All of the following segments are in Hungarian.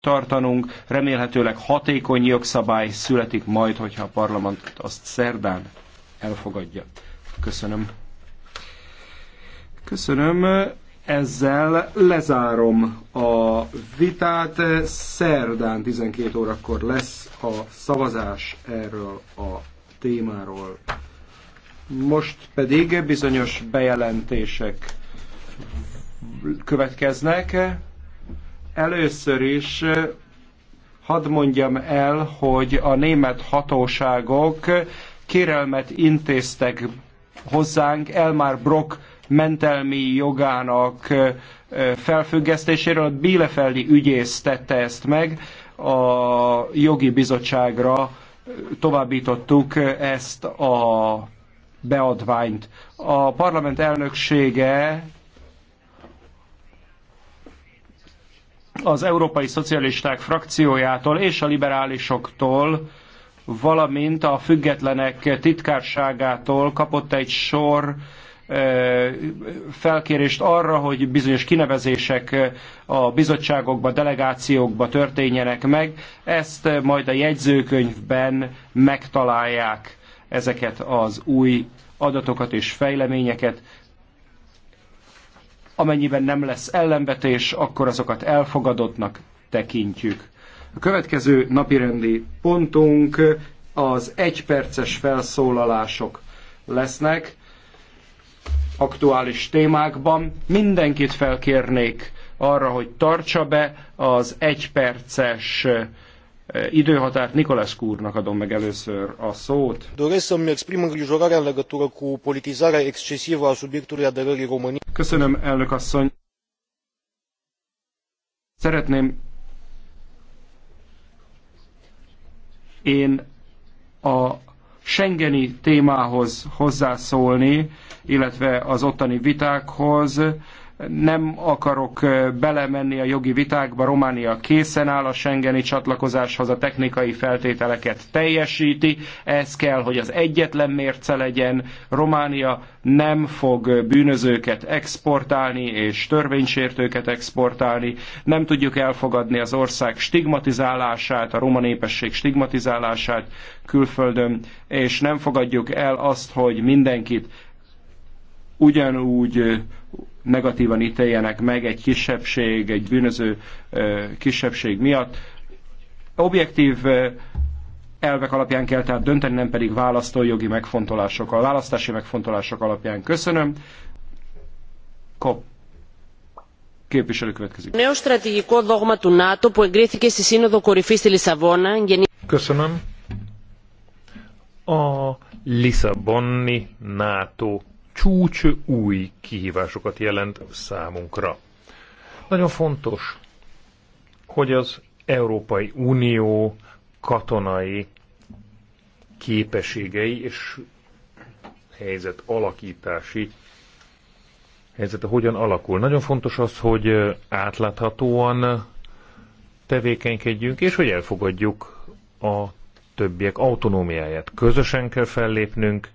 tartanunk. Remélhetőleg hatékony jogszabály születik majd, hogyha a parlament azt szerdán elfogadja. Köszönöm. Köszönöm. Ezzel lezárom a vitát. Szerdán 12 órakor lesz a szavazás erről a témáról. Most pedig bizonyos bejelentések következnek. Először is hadd mondjam el, hogy a német hatóságok kérelmet intéztek hozzánk Elmar Brock mentelmi jogának felfüggesztéséről. A Bielefeldi ügyész tette ezt meg, a jogi bizottságra továbbítottuk ezt a beadványt. A parlament elnöksége az Európai Szocialisták frakciójától és a liberálisoktól, valamint a függetlenek titkárságától kapott egy sor felkérést arra, hogy bizonyos kinevezések a bizottságokba, delegációkba történjenek meg. Ezt majd a jegyzőkönyvben megtalálják ezeket az új adatokat és fejleményeket. Amennyiben nem lesz ellenvetés, akkor azokat elfogadottnak tekintjük. A következő napirendi pontunk az egyperces felszólalások lesznek aktuális témákban. Mindenkit felkérnék arra, hogy tartsa be az egyperces időhatárt. Nikolász úrnak adom meg először a szót. Doresc să-mi exprim îngrijorarea în legătură cu politizarea excesivă a subiectului aderării României. Köszönöm, elnök asszony. Szeretném én a Schengeni témához hozzászólni, illetve az ottani vitákhoz nem akarok belemenni a jogi vitákba, Románia készen áll a Schengeni csatlakozáshoz, a technikai feltételeket teljesíti, ez kell, hogy az egyetlen mérce legyen, Románia nem fog bűnözőket exportálni és törvénysértőket exportálni, nem tudjuk elfogadni az ország stigmatizálását, a roma népesség stigmatizálását külföldön, és nem fogadjuk el azt, hogy mindenkit ugyanúgy negatívan ítéljenek meg egy kisebbség, egy bűnöző kisebbség miatt. Objektív elvek alapján kell tehát dönteni, nem pedig választójogi megfontolásokkal, választási megfontolások alapján. Köszönöm. Kop. Képviselő következik. Neo strategiko dogma του NATO που εγκρίθηκε Köszönöm. A Lisszaboni NATO csúcs új kihívásokat jelent számunkra. Nagyon fontos, hogy az Európai Unió katonai képességei és helyzet alakítási helyzete hogyan alakul. Nagyon fontos az, hogy átláthatóan tevékenykedjünk, és hogy elfogadjuk a többiek autonómiáját. Közösen kell fellépnünk,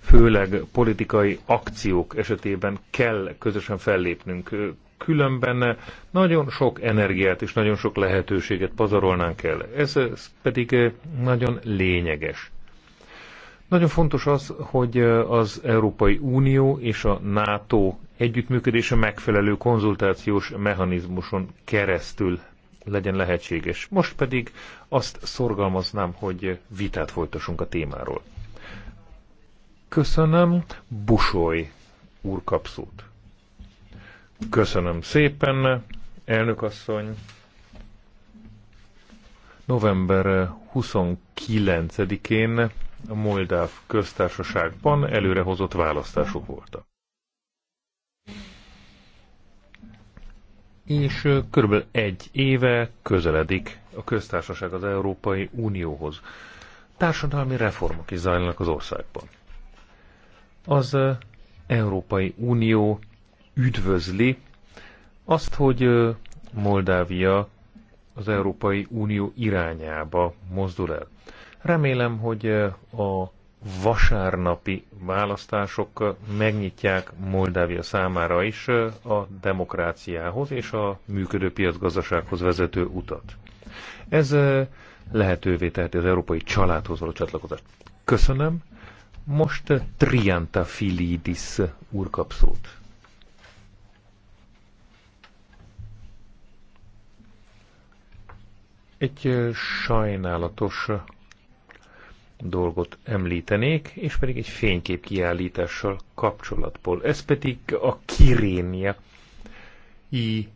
főleg politikai akciók esetében kell közösen fellépnünk. Különben nagyon sok energiát és nagyon sok lehetőséget pazarolnánk el. Ez pedig nagyon lényeges. Nagyon fontos az, hogy az Európai Unió és a NATO együttműködése megfelelő konzultációs mechanizmuson keresztül legyen lehetséges. Most pedig azt szorgalmaznám, hogy vitát folytassunk a témáról. Köszönöm. Busoly úr kapszót. Köszönöm szépen, elnök asszony. November 29-én a Moldáv köztársaságban előrehozott választások voltak. És körülbelül egy éve közeledik a köztársaság az Európai Unióhoz. Társadalmi reformok is zajlanak az országban. Az Európai Unió üdvözli azt, hogy Moldávia az Európai Unió irányába mozdul el. Remélem, hogy a vasárnapi választások megnyitják Moldávia számára is a demokráciához és a működő piacgazdasághoz vezető utat. Ez lehetővé teheti az európai családhoz való csatlakozást. Köszönöm. Most Trianta Filidis úr kap szót. Egy sajnálatos dolgot említenék, és pedig egy fénykép kiállítással kapcsolatból. Ez pedig a Kirénia i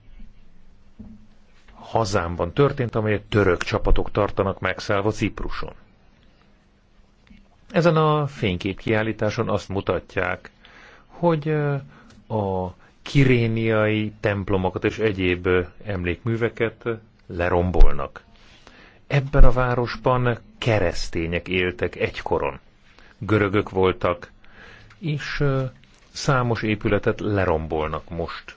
hazámban történt, amelyet török csapatok tartanak megszállva Cipruson. Ezen a fénykép kiállításon azt mutatják, hogy a kiréniai templomokat és egyéb emlékműveket lerombolnak. Ebben a városban keresztények éltek egykoron. Görögök voltak, és számos épületet lerombolnak most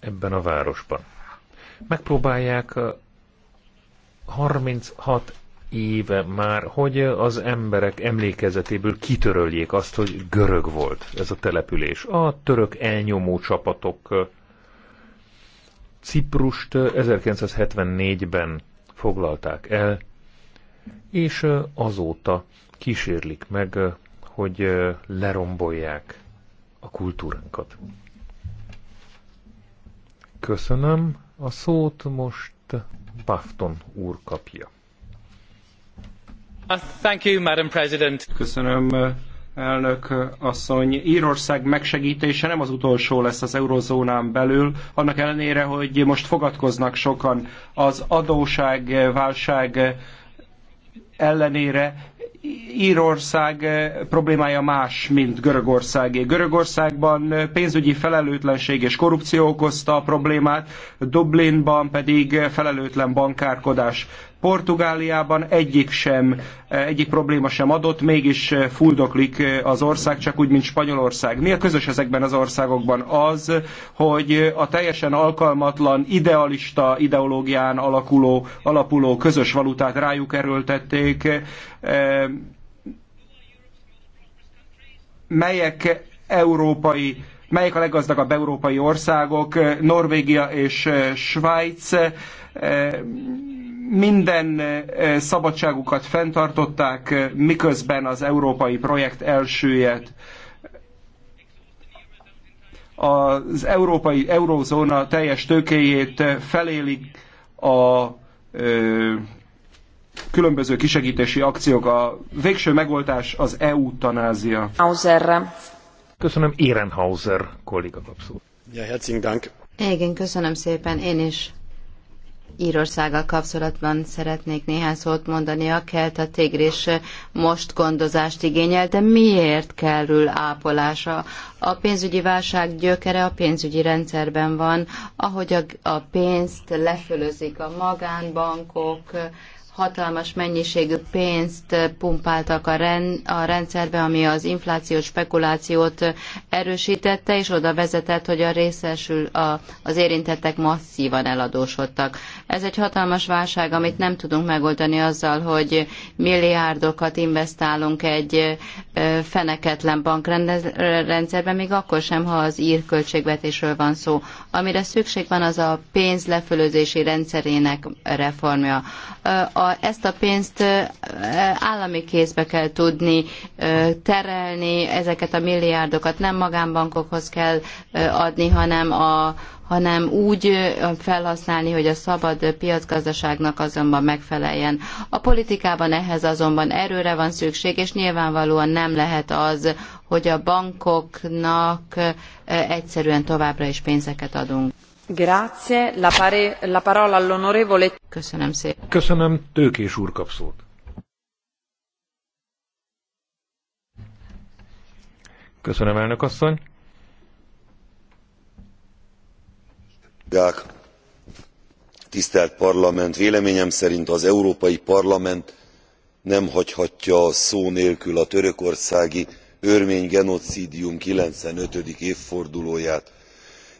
ebben a városban. Megpróbálják 36 éve már, hogy az emberek emlékezetéből kitöröljék azt, hogy görög volt ez a település. A török elnyomó csapatok eh, Ciprust 1974-ben eh, foglalták el, és eh, azóta kísérlik meg, hogy lerombolják a kultúránkat. Köszönöm a szót, most Bafton úr kapja. Uh, Köszönöm, uh, elnök uh, asszony. Írország megsegítése nem az utolsó lesz az eurozónán belül, annak ellenére, hogy most fogadkoznak sokan. Az adóság, válság ellenére Írország problémája más, mint Görögországé. Görögországban pénzügyi felelőtlenség és korrupció okozta a problémát, Dublinban pedig felelőtlen bankárkodás. Portugáliában egyik sem, egyik probléma sem adott, mégis fuldoklik az ország, csak úgy, mint Spanyolország. Mi a közös ezekben az országokban? Az, hogy a teljesen alkalmatlan, idealista ideológián alakuló, alapuló közös valutát rájuk erőltették, melyek európai melyek a leggazdagabb európai országok, Norvégia és Svájc minden eh, szabadságukat fenntartották, eh, miközben az európai projekt elsüllyedt. Az európai eurózóna teljes tőkéjét eh, felélik a ö, különböző kisegítési akciók. A végső megoldás az EU tanázia. Hauserre. Köszönöm, Ehrenhauser kolléga kapszó. Ja, herzlichen Dank. Igen, köszönöm szépen, én is Írországgal kapcsolatban szeretnék néhány szót mondani. A kelt a tigris most gondozást igényel, de miért kerül ápolása? A pénzügyi válság gyökere a pénzügyi rendszerben van, ahogy a, pénzt lefölözik a magánbankok, hatalmas mennyiségű pénzt pumpáltak a, ren, a rendszerbe, ami az inflációs spekulációt erősítette, és oda vezetett, hogy a részesül a, az érintettek masszívan eladósodtak. Ez egy hatalmas válság, amit nem tudunk megoldani azzal, hogy milliárdokat investálunk egy feneketlen bankrendszerbe, még akkor sem, ha az ír költségvetésről van szó. Amire szükség van, az a pénz lefölözési rendszerének reformja a, ezt a pénzt állami kézbe kell tudni terelni, ezeket a milliárdokat nem magánbankokhoz kell adni, hanem a hanem úgy felhasználni, hogy a szabad piacgazdaságnak azonban megfeleljen. A politikában ehhez azonban erőre van szükség, és nyilvánvalóan nem lehet az, hogy a bankoknak egyszerűen továbbra is pénzeket adunk. Köszönöm szépen. Köszönöm, Tőkés úr kap szót. Köszönöm, elnök asszony. Tisztelt Parlament! Véleményem szerint az Európai Parlament nem hagyhatja szó nélkül a törökországi örmény genocídium 95. évfordulóját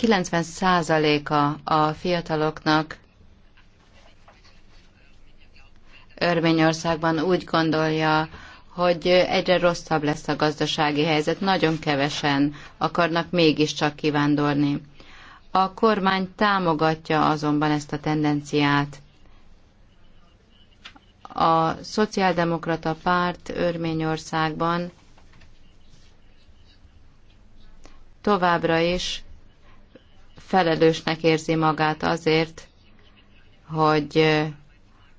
90%-a a fiataloknak Örményországban úgy gondolja, hogy egyre rosszabb lesz a gazdasági helyzet, nagyon kevesen akarnak mégiscsak kivándorni. A kormány támogatja azonban ezt a tendenciát. A szociáldemokrata párt Örményországban továbbra is felelősnek érzi magát azért, hogy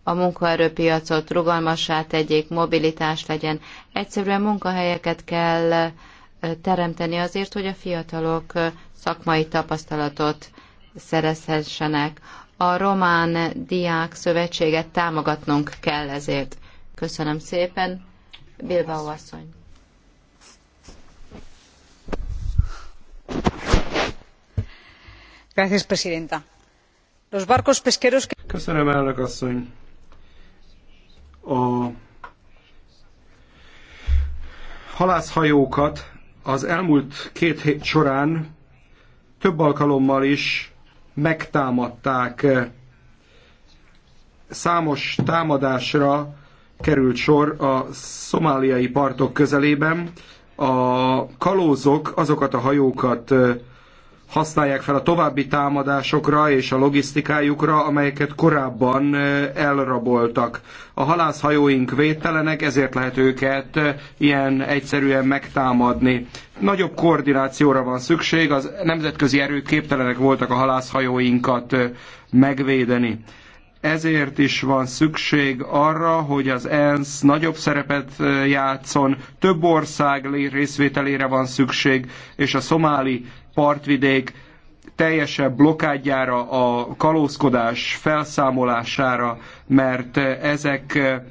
a munkaerőpiacot rugalmassá tegyék, mobilitás legyen. Egyszerűen munkahelyeket kell teremteni azért, hogy a fiatalok szakmai tapasztalatot szerezhessenek. A Román Diák Szövetséget támogatnunk kell ezért. Köszönöm szépen, Bilbao asszony. señora presidenta los barcos pesqueros que. köszönöm elnök asszony a halászhajókat az elmúlt két hét során több alkalommal is megtámadták. Számos támadásra került sor a szomáliai partok közelében. A kalózok azokat a hajókat használják fel a további támadásokra és a logisztikájukra, amelyeket korábban elraboltak. A halászhajóink védtelenek, ezért lehet őket ilyen egyszerűen megtámadni. Nagyobb koordinációra van szükség, az nemzetközi erők képtelenek voltak a halászhajóinkat megvédeni. Ezért is van szükség arra, hogy az ENSZ nagyobb szerepet játszon, több ország részvételére van szükség, és a szomáli partvidék teljesebb blokádjára, a kalózkodás felszámolására, mert ezek eh,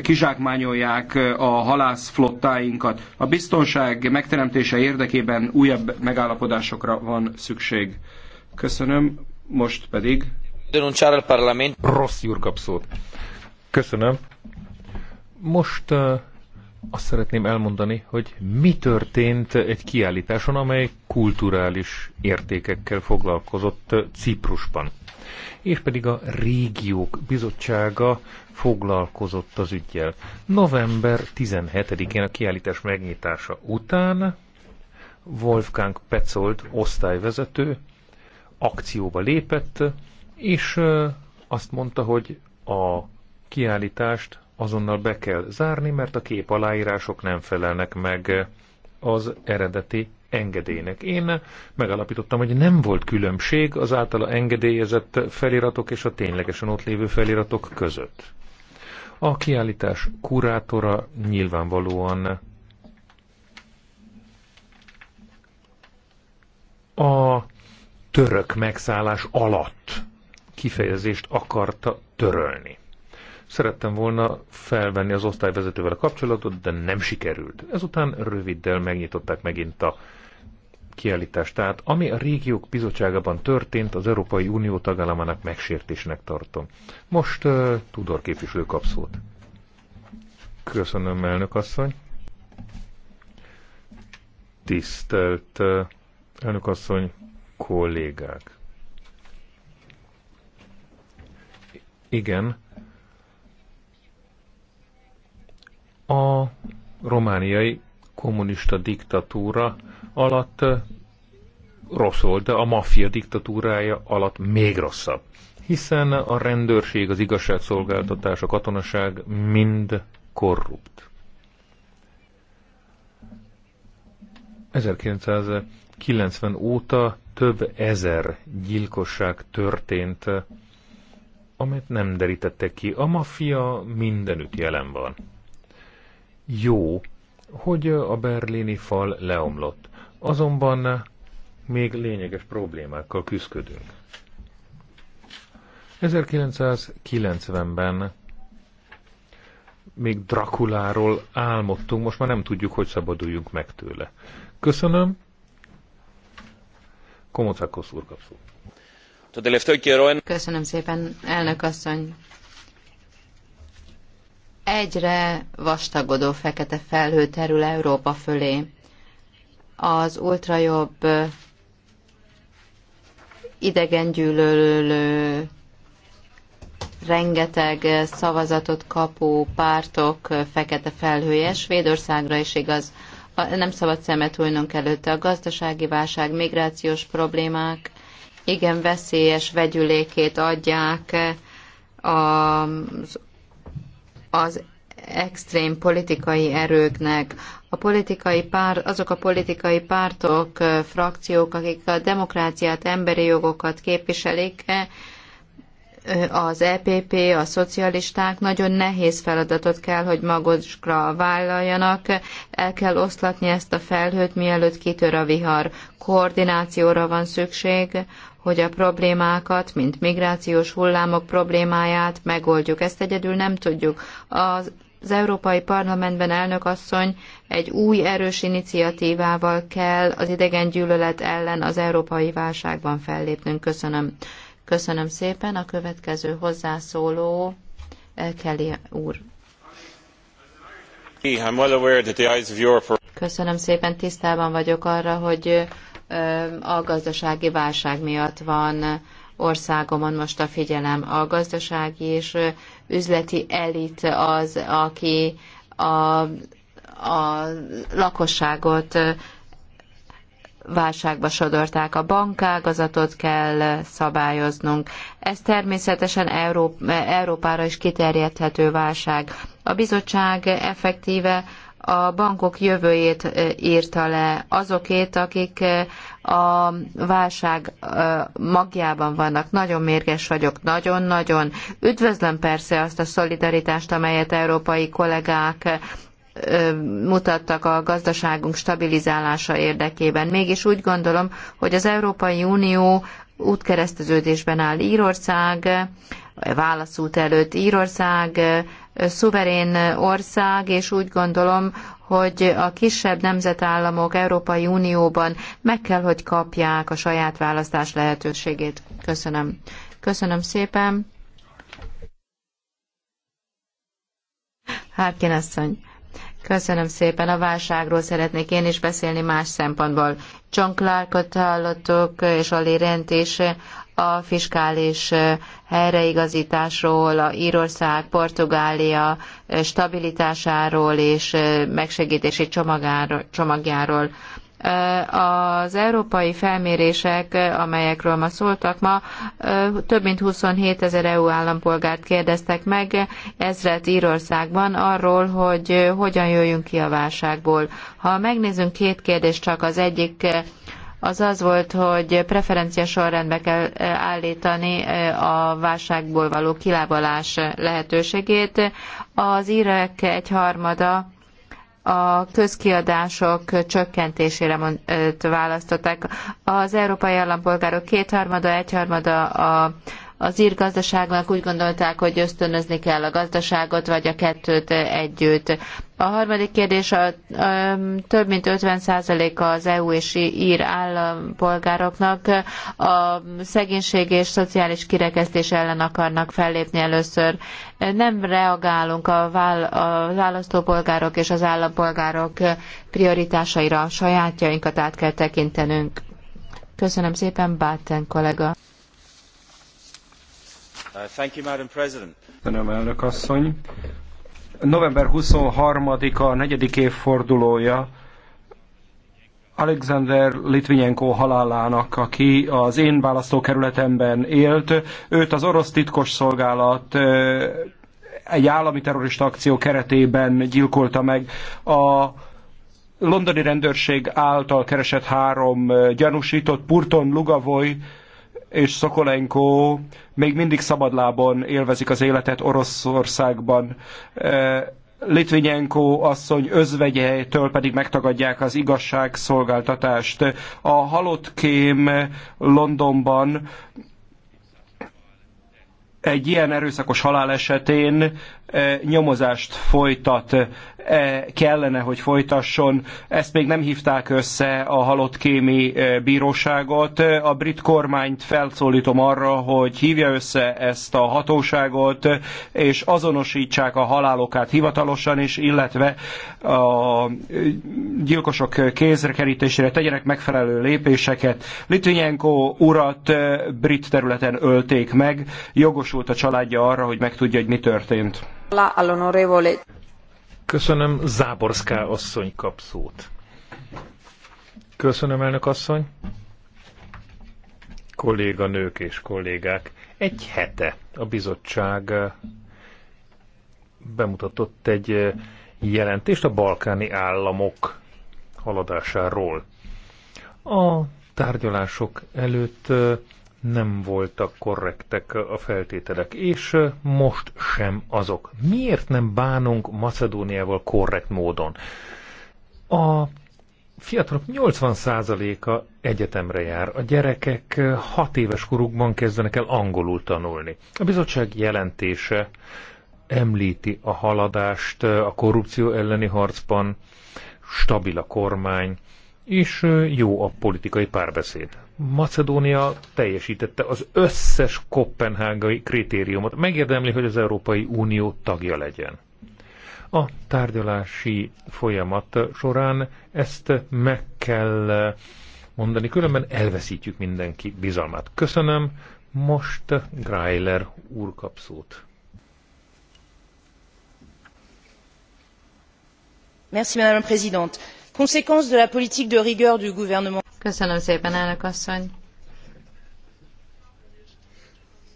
kizsákmányolják eh, a halászflottáinkat. A biztonság megteremtése érdekében újabb megállapodásokra van szükség. Köszönöm, most pedig... Denunciare al Parlament. Rossz úr szót. Köszönöm. Most uh, azt szeretném elmondani, hogy mi történt egy kiállításon, amely kulturális értékekkel foglalkozott Ciprusban. És pedig a Régiók Bizottsága foglalkozott az ügyjel. November 17-én a kiállítás megnyitása után Wolfgang Petzold osztályvezető akcióba lépett, és azt mondta, hogy a kiállítást azonnal be kell zárni, mert a kép aláírások nem felelnek meg az eredeti engedélynek. Én megalapítottam, hogy nem volt különbség az általa engedélyezett feliratok és a ténylegesen ott lévő feliratok között. A kiállítás kurátora nyilvánvalóan a török megszállás alatt kifejezést akarta törölni. Szerettem volna felvenni az osztályvezetővel a kapcsolatot, de nem sikerült. Ezután röviddel megnyitották megint a kiállítást. Tehát ami a régiók bizottságában történt, az Európai Unió tagállamának megsértésnek tartom. Most uh, Tudor képviselő kap szót. Köszönöm, elnök asszony. Tisztelt uh, elnök asszony, kollégák. Igen, A romániai kommunista diktatúra alatt rossz volt, de a maffia diktatúrája alatt még rosszabb. Hiszen a rendőrség, az igazságszolgáltatás, a katonaság mind korrupt. 1990 óta több ezer gyilkosság történt, amit nem derítettek ki. A maffia mindenütt jelen van jó, hogy a berlini fal leomlott. Azonban még lényeges problémákkal küzdködünk. 1990-ben még Drakuláról álmodtunk, most már nem tudjuk, hogy szabaduljunk meg tőle. Köszönöm. Komocákos úr kapszó. Köszönöm szépen, elnök asszony egyre vastagodó fekete felhő terül Európa fölé. Az ultrajobb idegengyűlölő rengeteg szavazatot kapó pártok fekete felhője Svédországra is igaz. Nem szabad szemet hújnunk előtte. A gazdasági válság, migrációs problémák igen veszélyes vegyülékét adják az az extrém politikai erőknek, a politikai pár, azok a politikai pártok, frakciók, akik a demokráciát, emberi jogokat képviselik, az EPP, a szocialisták nagyon nehéz feladatot kell, hogy magukra vállaljanak. El kell oszlatni ezt a felhőt, mielőtt kitör a vihar. Koordinációra van szükség, hogy a problémákat, mint migrációs hullámok problémáját megoldjuk. Ezt egyedül nem tudjuk. Az az Európai Parlamentben elnök asszony egy új erős iniciatívával kell az idegen gyűlölet ellen az európai válságban fellépnünk. Köszönöm. Köszönöm szépen. A következő hozzászóló eh, Kelly úr. Köszönöm szépen, tisztában vagyok arra, hogy eh, a gazdasági válság miatt van országomon most a figyelem. A gazdasági és üzleti elit az, aki a, a lakosságot válságba sodorták. A bankágazatot kell szabályoznunk. Ez természetesen Európára is kiterjedhető válság. A bizottság effektíve a bankok jövőjét e, írta le azokét, akik e, a válság e, magjában vannak. Nagyon mérges vagyok, nagyon-nagyon. Üdvözlöm persze azt a szolidaritást, amelyet európai kollégák mutattak a gazdaságunk stabilizálása érdekében. Mégis úgy gondolom, hogy az Európai Unió útkereszteződésben áll Írország, válaszút előtt Írország, szuverén ország, és úgy gondolom, hogy a kisebb nemzetállamok Európai Unióban meg kell, hogy kapják a saját választás lehetőségét. Köszönöm. Köszönöm szépen. Hárkin asszony. Köszönöm szépen. A válságról szeretnék én is beszélni más szempontból. John Clarkot hallottuk, és a Lirent is a fiskális helyreigazításról, a Írország, Portugália stabilitásáról és megsegítési csomagáról, csomagjáról. Az európai felmérések, amelyekről ma szóltak ma, több mint 27 ezer EU állampolgárt kérdeztek meg, ezret Írországban arról, hogy hogyan jöjjünk ki a válságból. Ha megnézzünk két kérdést, csak az egyik az az volt, hogy preferencia sorrendbe kell állítani a válságból való kilábalás lehetőségét. Az írek egyharmada a közkiadások csökkentésére választották. Az európai állampolgárok kétharmada, egyharmada a az ír gazdaságnak úgy gondolták, hogy ösztönözni kell a gazdaságot, vagy a kettőt együtt. A harmadik kérdés, a, több mint 50%-a az EU és ír állampolgároknak a szegénység és szociális kirekesztés ellen akarnak fellépni először. Nem reagálunk a, a választópolgárok és az állampolgárok prioritásaira, a sajátjainkat át kell tekintenünk. Köszönöm szépen, Báten kollega. Uh, Köszönöm, elnök asszony. November 23-a, negyedik évfordulója Alexander Litvinenko halálának, aki az én választókerületemben élt. Őt az orosz titkosszolgálat uh, egy állami terrorista akció keretében gyilkolta meg. A londoni rendőrség által keresett három uh, gyanúsított, Purton, Lugavoy, és Szokolenko még mindig szabadlábon élvezik az életet Oroszországban. Litvinyenko asszony özvegyejtől pedig megtagadják az igazságszolgáltatást. A halott kém Londonban egy ilyen erőszakos halálesetén esetén nyomozást folytat, kellene, hogy folytasson. Ezt még nem hívták össze a halott kémi bíróságot. A brit kormányt felszólítom arra, hogy hívja össze ezt a hatóságot, és azonosítsák a halálokát hivatalosan is, illetve a gyilkosok kézre kerítésére tegyenek megfelelő lépéseket. Litvinyenko urat brit területen ölték meg, jogosult a családja arra, hogy megtudja, hogy mi történt. Köszönöm, Záborská asszony kap szót. Köszönöm, elnök asszony. nők és kollégák, egy hete a bizottság eh, bemutatott egy eh, jelentést a balkáni államok haladásáról. A tárgyalások előtt eh, nem voltak korrektek a feltételek, és most sem azok. Miért nem bánunk Macedóniával korrekt módon? A fiatalok 80%-a egyetemre jár. A gyerekek 6 éves korukban kezdenek el angolul tanulni. A bizottság jelentése említi a haladást a korrupció elleni harcban, stabil a kormány, és jó a politikai párbeszéd. Macedónia teljesítette az összes kopenhágai kritériumot. Megérdemli, hogy az Európai Unió tagja legyen. A tárgyalási folyamat során ezt meg kell mondani, különben elveszítjük mindenki bizalmát. Köszönöm, most Greiler úr kap szót. Merci, Madame la Présidente conséquence de la politique de rigueur du gouvernement. Köszönöm szépen, elnök asszony.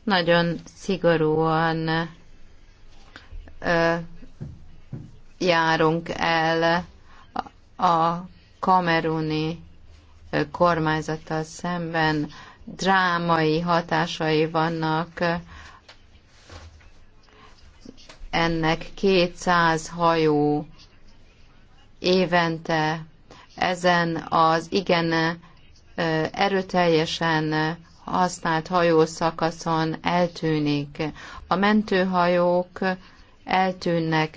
Nagyon szigorúan ö, járunk el a kameruni kormányzattal szemben. Drámai hatásai vannak ennek 200 hajó évente ezen az igen erőteljesen használt hajószakaszon eltűnik. A mentőhajók eltűnnek,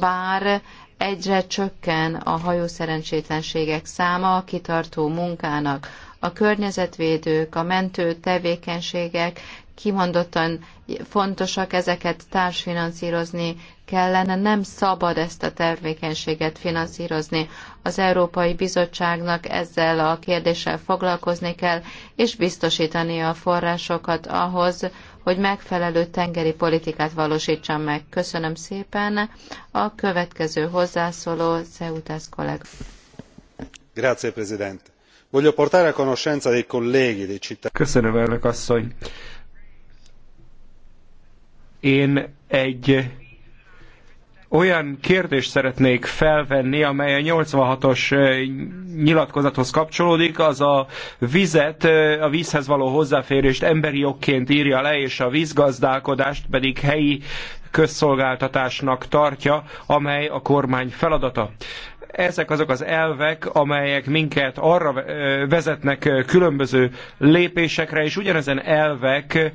bár egyre csökken a hajószerencsétlenségek száma a kitartó munkának. A környezetvédők, a mentő tevékenységek kimondottan fontosak, ezeket társfinanszírozni kellene, nem szabad ezt a termékenységet finanszírozni. Az Európai Bizottságnak ezzel a kérdéssel foglalkozni kell, és biztosítani a forrásokat ahhoz, hogy megfelelő tengeri politikát valósítsam meg. Köszönöm szépen. A következő hozzászóló Ceutász kollega. Grazie, Presidente. Voglio portare a conoscenza dei colleghi dei cittadini. Köszönöm, elnök asszony én egy olyan kérdést szeretnék felvenni, amely a 86-os nyilatkozathoz kapcsolódik, az a vizet, a vízhez való hozzáférést emberi jogként írja le, és a vízgazdálkodást pedig helyi közszolgáltatásnak tartja, amely a kormány feladata ezek azok az elvek, amelyek minket arra vezetnek különböző lépésekre, és ugyanezen elvek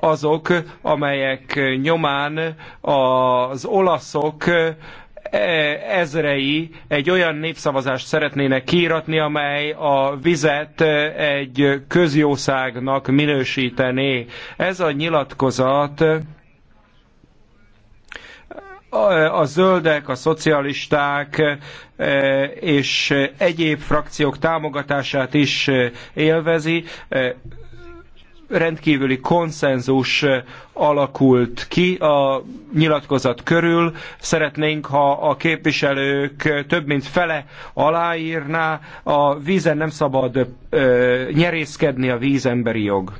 azok, amelyek nyomán az olaszok e, ezrei egy olyan népszavazást szeretnének kiíratni, amely a vizet egy közjószágnak minősítené. Ez a nyilatkozat a zöldek, a szocialisták e, és egyéb frakciók támogatását is élvezi. E, rendkívüli konszenzus eh, alakult ki a nyilatkozat körül. Szeretnénk, ha a képviselők eh, több mint fele aláírná, a vízen nem szabad ö, eh, nyerészkedni a vízemberi jog.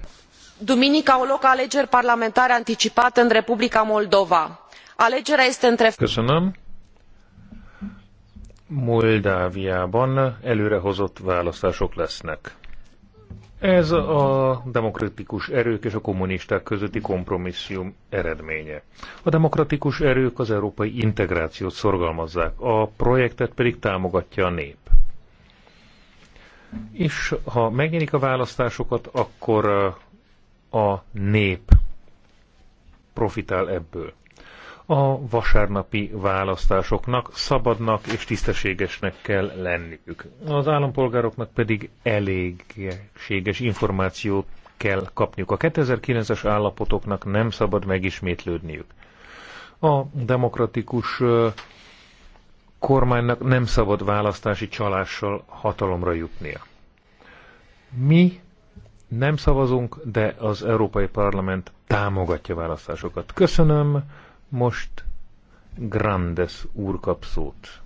Duminica au loc alegeri parlamentare anticipate în Republica Moldova. Alegerea este între... Köszönöm. Moldáviában előrehozott választások lesznek. Ez a demokratikus erők és a kommunisták közötti kompromisszium eredménye. A demokratikus erők az európai integrációt szorgalmazzák, a projektet pedig támogatja a nép. És ha megnyerik a választásokat, akkor a nép profitál ebből a vasárnapi választásoknak szabadnak és tisztességesnek kell lenniük. Az állampolgároknak pedig elégséges információt kell kapniuk. A 2009-es állapotoknak nem szabad megismétlődniük. A demokratikus kormánynak nem szabad választási csalással hatalomra jutnia. Mi nem szavazunk, de az Európai Parlament támogatja választásokat. Köszönöm. Most Grandes úr kap szót.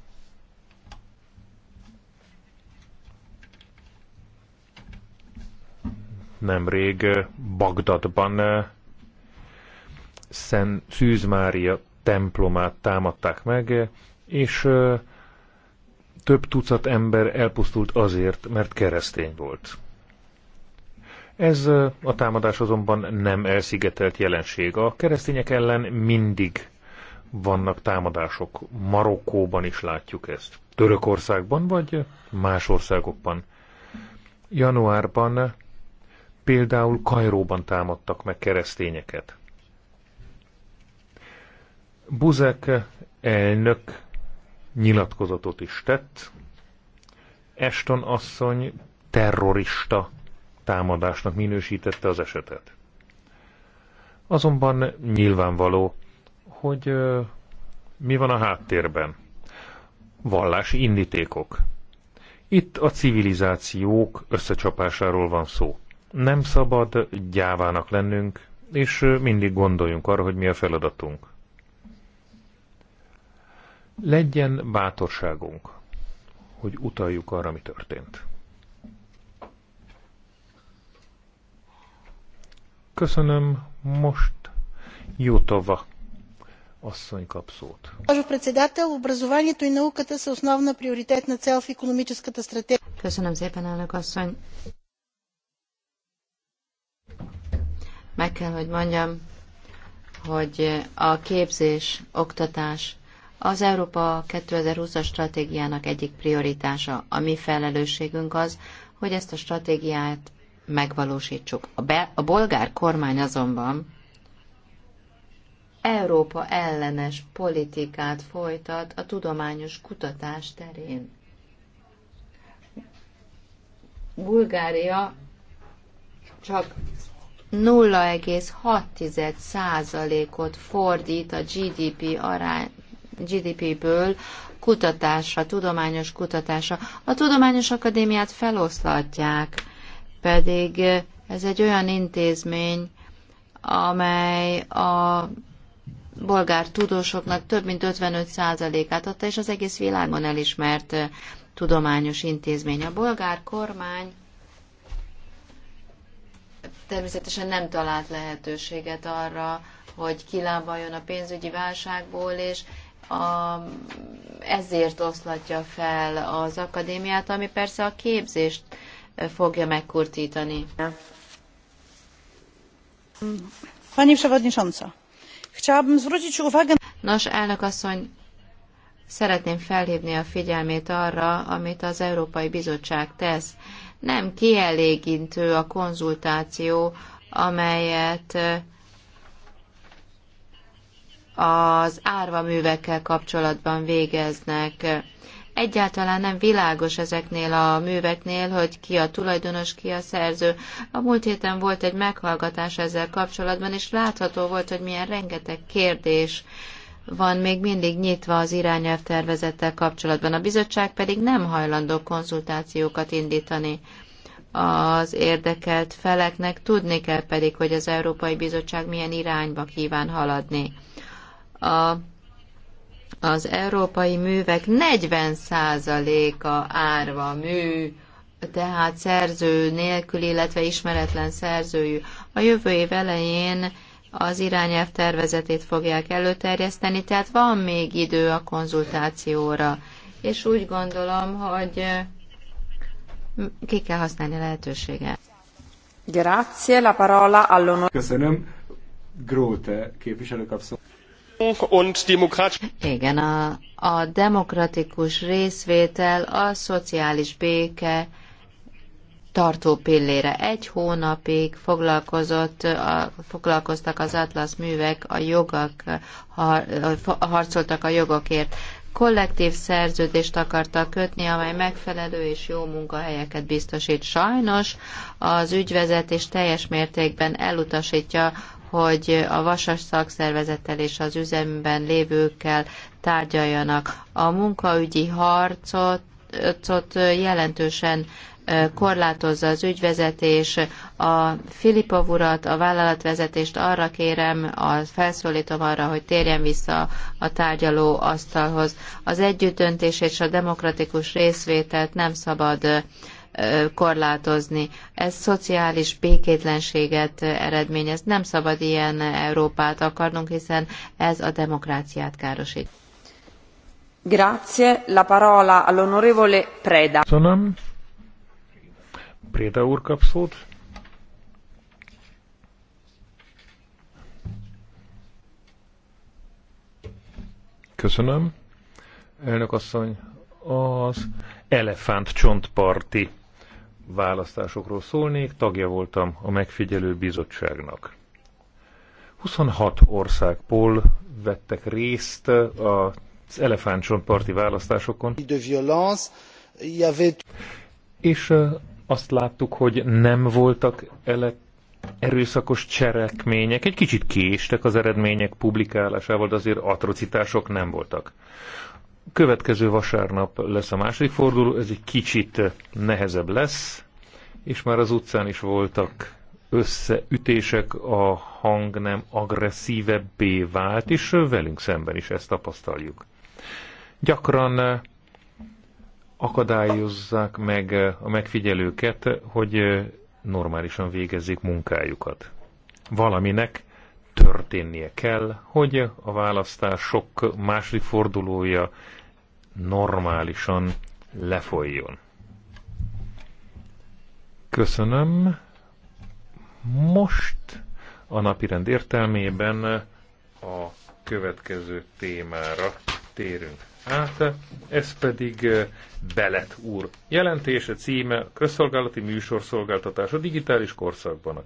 Nemrég eh, Bagdadban eh, Szent Szűz Mária templomát támadták meg, eh, és több tucat ember elpusztult azért, mert keresztény volt. Ez a támadás azonban nem elszigetelt jelenség. A keresztények ellen mindig vannak támadások. Marokkóban is látjuk ezt. Törökországban vagy más országokban. Januárban például Kajróban támadtak meg keresztényeket. Buzek elnök nyilatkozatot is tett. Eston asszony terrorista támadásnak minősítette az esetet. Azonban nyilvánvaló, hogy mi van a háttérben. Vallási indítékok. Itt a civilizációk összecsapásáról van szó. Nem szabad gyávának lennünk, és mindig gondoljunk arra, hogy mi a feladatunk. Legyen bátorságunk, hogy utaljuk arra, mi történt. Köszönöm. Most Jutova asszony kap szót. Köszönöm szépen, elnök asszony. Meg kell, hogy mondjam, hogy a képzés, oktatás az Európa 2020-as stratégiának egyik prioritása. A mi felelősségünk az, hogy ezt a stratégiát megvalósítsuk. A, be, a bolgár kormány azonban Európa ellenes politikát folytat a tudományos kutatás terén. Bulgária csak 06 százalékot fordít a GDP arány, GDP-ből kutatásra, tudományos kutatásra. A tudományos akadémiát feloszlatják pedig ez egy olyan intézmény, amely a bolgár tudósoknak több mint 55%-át adta, és az egész világon elismert tudományos intézmény. A bolgár kormány természetesen nem talált lehetőséget arra, hogy kilábaljon a pénzügyi válságból, és a, ezért oszlatja fel az akadémiát, ami persze a képzést fogja megkurtítani. Pani Przewodnicząca, chciałabym zwrócić uwagę... Nos, elnök asszony, szeretném felhívni a figyelmét arra, amit az Európai Bizottság tesz. Nem kielégintő a konzultáció, amelyet az árvaművekkel kapcsolatban végeznek. Egyáltalán nem világos ezeknél a műveknél, hogy ki a tulajdonos, ki a szerző. A múlt héten volt egy meghallgatás ezzel kapcsolatban, és látható volt, hogy milyen rengeteg kérdés van még mindig nyitva az irányelv tervezettel kapcsolatban. A bizottság pedig nem hajlandó konzultációkat indítani az érdekelt feleknek, tudni kell pedig, hogy az Európai Bizottság milyen irányba kíván haladni. A az európai művek 40%-a árva mű, tehát szerző nélkül, illetve ismeretlen szerzőjű. A jövő év elején az irányelv tervezetét fogják előterjeszteni, tehát van még idő a konzultációra. És úgy gondolom, hogy ki kell használni a lehetőséget. Grazie, la parola all'onor. Köszönöm. Gróte képviselő kapszó. Igen, a, a demokratikus részvétel a szociális béke tartó pillére. Egy hónapig foglalkozott, a, foglalkoztak az Atlasz művek a jogok, har, harcoltak a jogokért. Kollektív szerződést akartak kötni, amely megfelelő és jó munkahelyeket biztosít. Sajnos az ügyvezetés teljes mértékben elutasítja hogy a vasas szakszervezettel és az üzemben lévőkkel tárgyaljanak. A munkaügyi harcot jelentősen korlátozza az ügyvezetés. A Filipov urat, a vállalatvezetést arra kérem, a felszólítom arra, hogy térjen vissza a tárgyaló asztalhoz. Az együttöntés és a demokratikus részvételt nem szabad korlátozni. Ez szociális békétlenséget eredményez. Nem szabad ilyen Európát akarnunk, hiszen ez a demokráciát károsít. Grazie. La parola all'onorevole Preda. Köszönöm. Preda úr kap szót. Köszönöm. Elnök asszony, az elefántcsontparti választásokról szólnék, tagja voltam a megfigyelő bizottságnak. 26 országból vettek részt az elefántcsontparti választásokon. De violence, y avait... És azt láttuk, hogy nem voltak ele erőszakos cselekmények, egy kicsit késtek az eredmények publikálásával, de azért atrocitások nem voltak. Következő vasárnap lesz a második forduló, ez egy kicsit nehezebb lesz, és már az utcán is voltak összeütések, a hang nem agresszívebbé vált, és velünk szemben is ezt tapasztaljuk. Gyakran akadályozzák meg a megfigyelőket, hogy normálisan végezzék munkájukat. Valaminek történnie kell, hogy a választások második fordulója normálisan lefolyjon. Köszönöm. Most a napirend értelmében a következő témára térünk át, ez pedig eh, Belet úr jelentése, címe, közszolgálati műsorszolgáltatás a digitális korszakban.